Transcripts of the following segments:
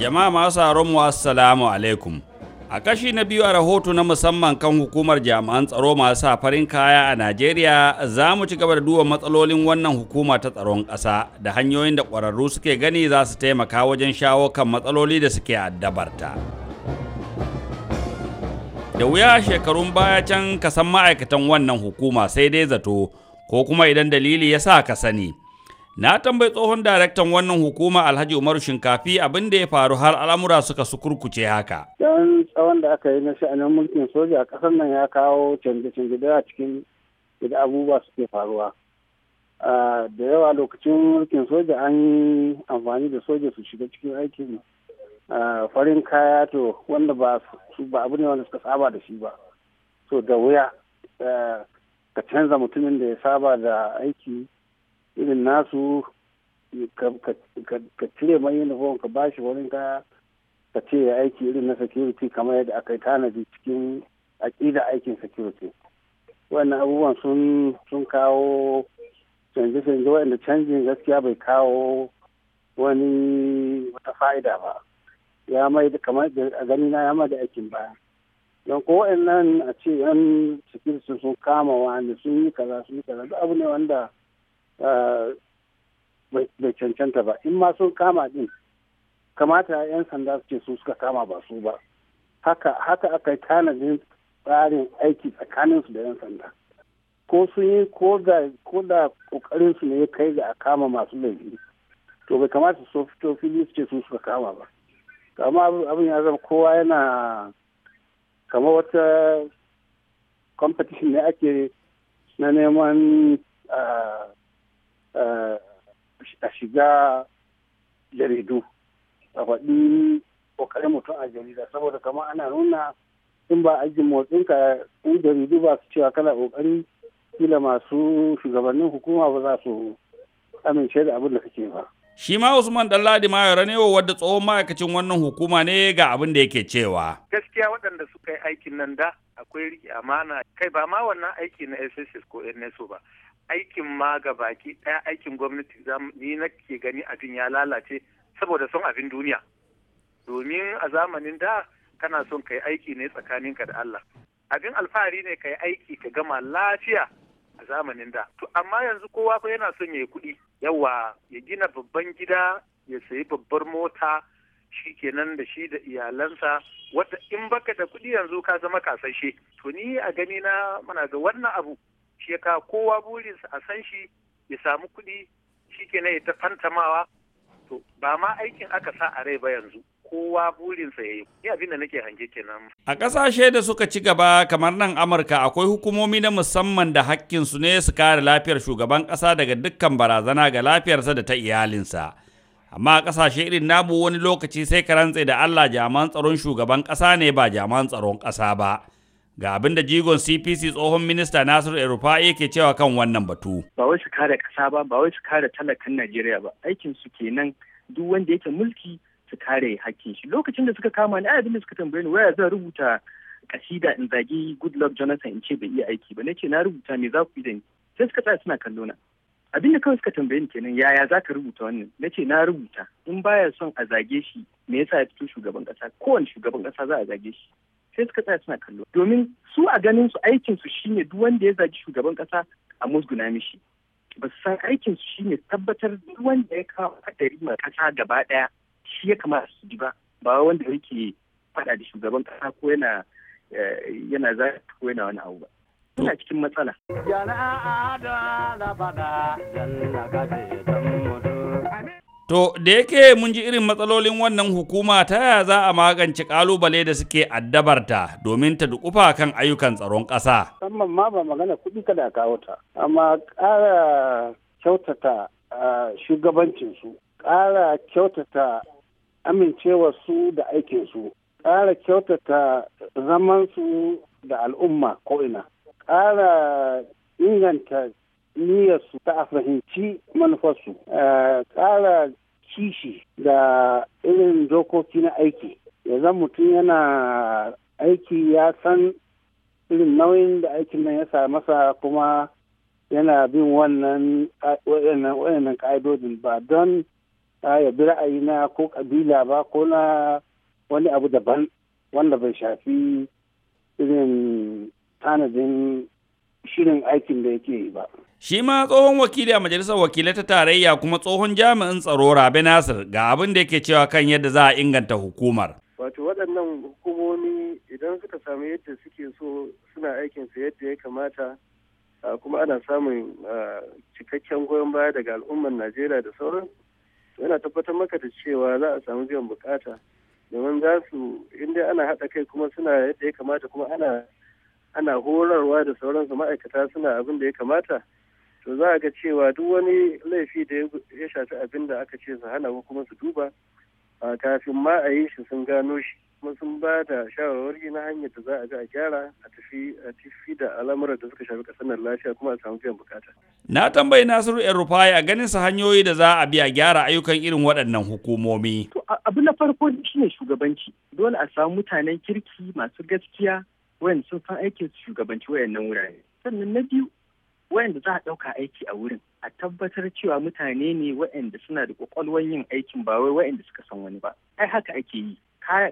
Jama'a masu mu assalamu alaikum. A kashi na biyu a rahoto na musamman kan hukumar jami'an tsaro masu sa farin kaya a Najeriya za mu ci gaba da duba matsalolin wannan hukuma ta tsaron ƙasa da hanyoyin da ƙwararru suke gani za su taimaka wajen shawo kan matsaloli da suke addabarta. Da wuya shekarun baya can ka san ma'aikatan wannan hukuma sai dai zato ko kuma idan dalili ya sa ka sani. Na tambayi tsohon daraktan wannan hukuma Alhaji Umar Shinkafi abin da ya faru har al'amura suka su kurkuce haka. yan tsawon da aka yi na sha'anin mulkin soja a ƙasar nan ya kawo canje-canje da cikin yadda abubuwa suke faruwa. Da yawa lokacin mulkin soja an yi amfani da soja su shiga cikin aikin farin kaya to wanda ba abu ne wanda suka saba da shi ba. So da wuya eh, ka canza mutumin da ya saba da aiki irin nasu ka cire mai uniform ka ba shi wani ka ka ce ya aiki irin na security kamar yadda aka yi tanadi cikin aƙida aikin security wannan abubuwan sun kawo canje-canje wanda canjin gaskiya bai kawo wani wata fa'ida ba ya mai kamar a gani na ya mai da aikin baya don ko nan a ce yan security sun kama wani sun yi kaza sun yi kaza abu ne wanda Eh, bai cancanta ba in ma sun kama din kamata 'yan sanda su ce su suka kama ba su ba haka haka aka yi tanadin tsarin aiki tsakanin su da 'yan sanda ko sun yi ko da ko kokarin su ne ya kai ga a kama masu laifi to bai kamata su fito fili su ce su suka kama ba amma abin ya zama kowa yana kamar wata competition ne ake na neman uh, a shiga jaridu a faɗi ƙoƙarin mutum a jarida saboda kamar ana nuna in ba motsin ka in jaridu ba su cewa kana ƙoƙari kila masu shugabannin hukuma ba za su amince da abin da kake ba. Shi ma Usman Dalladi Mayora ne wadda tsohon ma'aikacin wannan hukuma ne ga abin da yake cewa. Gaskiya waɗanda suka yi aikin nan da akwai riƙe amana kai ba ma wannan aiki na SSS ko NSO ba aikin ma ga baki ɗaya aikin gwamnati ni nake gani abin ya lalace saboda son abin duniya domin a zamanin da kana son kai aiki ne tsakaninka da Allah abin alfahari ne kai aiki ka gama lafiya a zamanin da to amma yanzu kowa ko yana son ya yi kuɗi yawa ya gina babban gida ya sayi babbar mota shi kenan da shi da iyalansa wata in baka da kuɗi yanzu ka zama kasashe to ni a gani na muna ga wannan abu shi ka kowa burinsa a san shi ya samu kuɗi shi ke na ta fantamawa to ba ma aikin aka sa a rai ba yanzu kowa burinsa ya yi ni abin da nake hange kenan. A kasashe da suka ci gaba kamar nan Amurka akwai hukumomi na musamman da hakkinsu ne su kare lafiyar shugaban ƙasa daga dukkan barazana ga lafiyarsa da ta iyalinsa. Amma a ƙasashe irin namu wani lokaci sai ka rantse da Allah jaman tsaron shugaban ƙasa ne ba jaman tsaron ƙasa ba. ga abin da jigon cpc tsohon minista nasiru erufa yake cewa kan wannan batu ba wai su kare kasa ba ba wai su kare talakan najeriya ba aikin su kenan duk wanda yake mulki su kare hakkin shi lokacin da suka kama ni ai abin suka tambaye ni waya zan rubuta kasida in zagi goodluck jonathan in ce bai iya aiki ba nace na rubuta me za ku yi da ni sai suka tsaya suna kallo na abin da kawai suka tambaye ni kenan yaya za ka rubuta wannan nace na rubuta in baya son a zage shi me yasa ya fito shugaban kasa kowane shugaban kasa za a zage shi sai suka tsaya suna kallo domin su a ganin su aikin su shine duk wanda ya zagi shugaban kasa a musguna mishi ba su san aikin su shine tabbatar duk wanda ya kawo hadari ma kasa gaba daya shi ya kamata su ji ba ba wanda yake fada da shugaban kasa ko yana eh, yana za ko yana wani abu ba suna cikin matsala jana'a da labada dan To, da yake mun ji irin matsalolin wannan hukuma ta yaya za a magance kalubale da suke addabarta domin ta dukufa kan ayyukan tsaron ƙasa. Musamman ma ba magana kuɗi kada ka kawo ta, amma ƙara kyautata shugabancinsu, ƙara kyautata su da aikinsu, ƙara kyautata zamansu da al'umma ko'ina, ƙara inganta su ta a fahimci manufarsu ƙara kishi da irin dokoki na aiki ya mutum yana aiki ya san irin nauyin da aikin nan ya sa masa kuma yana bin wannan waɗannan ƙa'idodin ba don ya bi ra'ayi na ko kabila ba ko na wani abu daban wanda bai shafi irin tanadin shirin aikin da yake yi ba. Shi ma tsohon wakili a majalisar wakilai ta tarayya kuma tsohon jami'in tsaro Rabi Nasir ga abin da yake cewa kan yadda za a inganta hukumar. Wato waɗannan hukumomi idan suka samu yadda suke so suna su yadda ya kamata kuma ana samun cikakken goyon baya daga al'ummar Najeriya da sauran yana tabbatar maka da cewa za a samu biyan bukata domin za su inda ana haɗa kai kuma suna yadda ya kamata kuma ana ana horarwa da sauransu ma'aikata suna abin da ya kamata to za a ga cewa duk wani laifi da ya shafi abin da aka ce su hana ko kuma su duba kafin ma a yi shi sun gano shi kuma sun ba da shawarwari na hanyar da za a ga a gyara a tafi da al'amuran da suka shafi kasar lafiya kuma a samu biyan bukata. Na tambayi Nasiru ‘yan rufaya a ganin su hanyoyi da za a bi a gyara ayyukan irin waɗannan hukumomi. Abu na farko shi ne shugabanci. Dole a samu mutanen kirki masu gaskiya wayan sun san aikin shugabanci wayannan wurare. Sannan na biyu waɗanda za a ɗauka aiki a wurin a tabbatar cewa mutane ne waɗanda suna da ƙwaƙwalwar yin aikin ba wai waɗanda suka san wani ba ai haka ake yi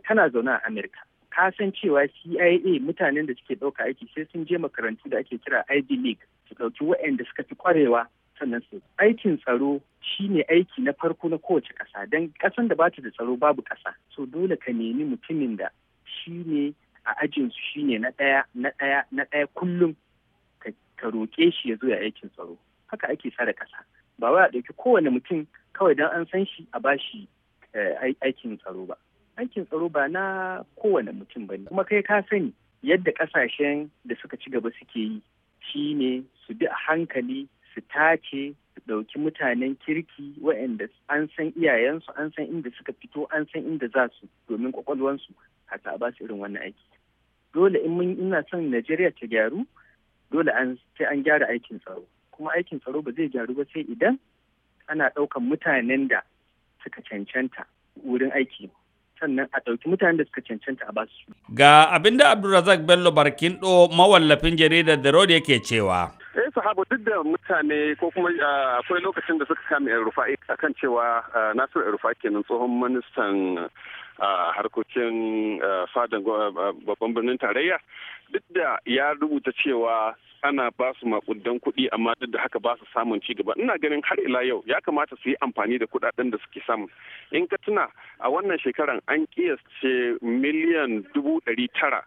kana zaune a Amurka ka san cewa CIA mutanen da suke ɗauka aiki sai sun je makarantu da ake kira Ivy League su ɗauki waɗanda suka fi ƙwarewa sannan su aikin tsaro shine aiki na farko na kowace ƙasa don ƙasan da bata da tsaro babu ƙasa so dole ka nemi mutumin da shine a ajinsu shine na ɗaya na ɗaya na ɗaya kullum ka roƙe shi ya zo ya aikin tsaro haka ake tsare ƙasa ba wai a ɗauki kowane mutum kawai don an san shi a bashi eh, aikin tsaro ba aikin tsaro ba na kowane mutum ba ne kuma kai ka sani yadda ƙasashen da suka ci gaba suke yi shine su bi a hankali su tace su ɗauki mutanen kirki waɗanda an san iyayensu an san inda suka fito an san inda za su domin kwakwalwansu a ba su irin wannan aiki dole in mun ina son najeriya ta gyaru dole an sai an gyara aikin tsaro kuma aikin tsaro ba zai gyaru ba sai idan ana ɗaukan mutanen da suka cancanta wurin aiki sannan a ɗauki mutanen da suka cancanta a basu. Ga abinda Abdulrazak Bello barkin Barkindo mawallafin jaridar da Road yake cewa. Eh sahabo duk da mutane ko kuma ah, akwai lokacin da suka kame rufa'i akan cewa ah, Nasiru rufa'i kenan tsohon ministan a harkokin fadan babban birnin tarayya duk da ya rubuta cewa ana ba su makudan kuɗi amma duk da haka ba su samun ci gaba ina ganin har ila yau ya kamata su yi amfani da kuɗaɗen da suke samu in ka tuna a wannan shekaran an kiyasce miliyan dubu ɗari tara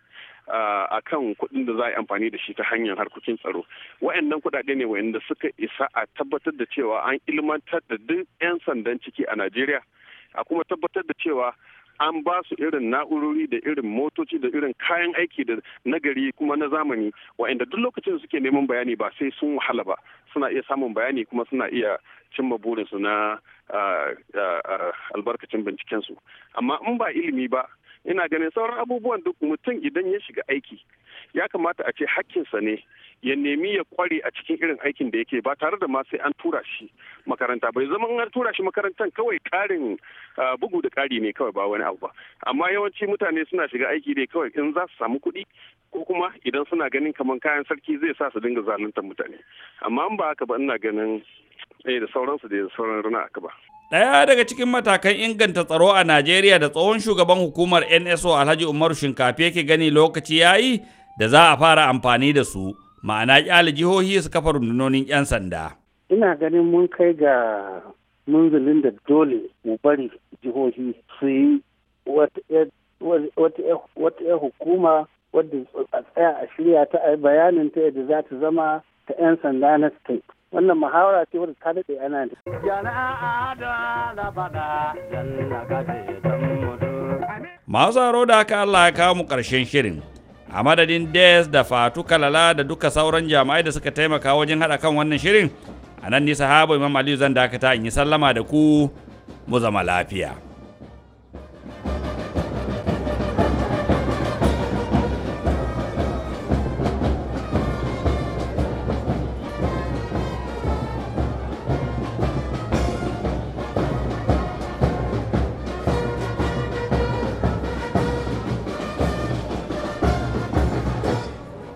a kan kuɗin da za a yi amfani da shi ta hanyar harkokin tsaro wa'annan kuɗaɗe ne wa'anda suka isa a tabbatar da cewa an ilmantar da duk 'yan sandan ciki a najeriya a kuma tabbatar da cewa an ba su irin na'urori da irin motoci da irin kayan aiki da nagari kuma na zamani wa'inda duk lokacin suke neman bayani ba sai sun wahala ba suna iya samun bayani kuma suna iya cimma burinsu na ah, ah, ah, albarkacin bincikensu amma in ba ilimi ba ina ganin sauran abubuwan duk mutum idan ya shiga aiki ya kamata a ce hakkinsa ne ya nemi ya kware a cikin irin aikin da yake ba tare da ma sai an tura shi makaranta bai zama an tura shi makarantar kawai karin ah, bugu da kari ne kawai ba wani abu ba amma yawanci mutane suna shiga aiki ne kawai in za su samu kuɗi ko kuma idan suna ganin kamar kayan sarki zai sa su dinga zaluntar mutane amma in ba haka ba ina ganin eh, da sauransu da sauran rana aka ba. Ɗaya daga cikin matakan inganta tsaro a Najeriya da tsohon shugaban hukumar NSO Alhaji Umaru Shinkafe yake gani lokaci ya yi da za a fara amfani da su, ma'ana ƙyale jihohi su kafa rundunonin 'yan sanda. Ina ganin mun kai ga munzulin da dole mu bari jihohi su yi wata ya hukuma wadda a tsaya a shirya ta bayanin ta yadda za ta zama ta 'yan sanda na state. wannan muhawara ce wadda ta daɗe ana ne. Masu haro da aka Allah ya kawo mu ƙarshen shirin. A madadin Des da Fatu Kalala da duka sauran jami'ai da suka taimaka wajen haɗa kan wannan shirin, a nan ni sahaba Imam Aliyu zan dakata in yi sallama da ku mu zama lafiya.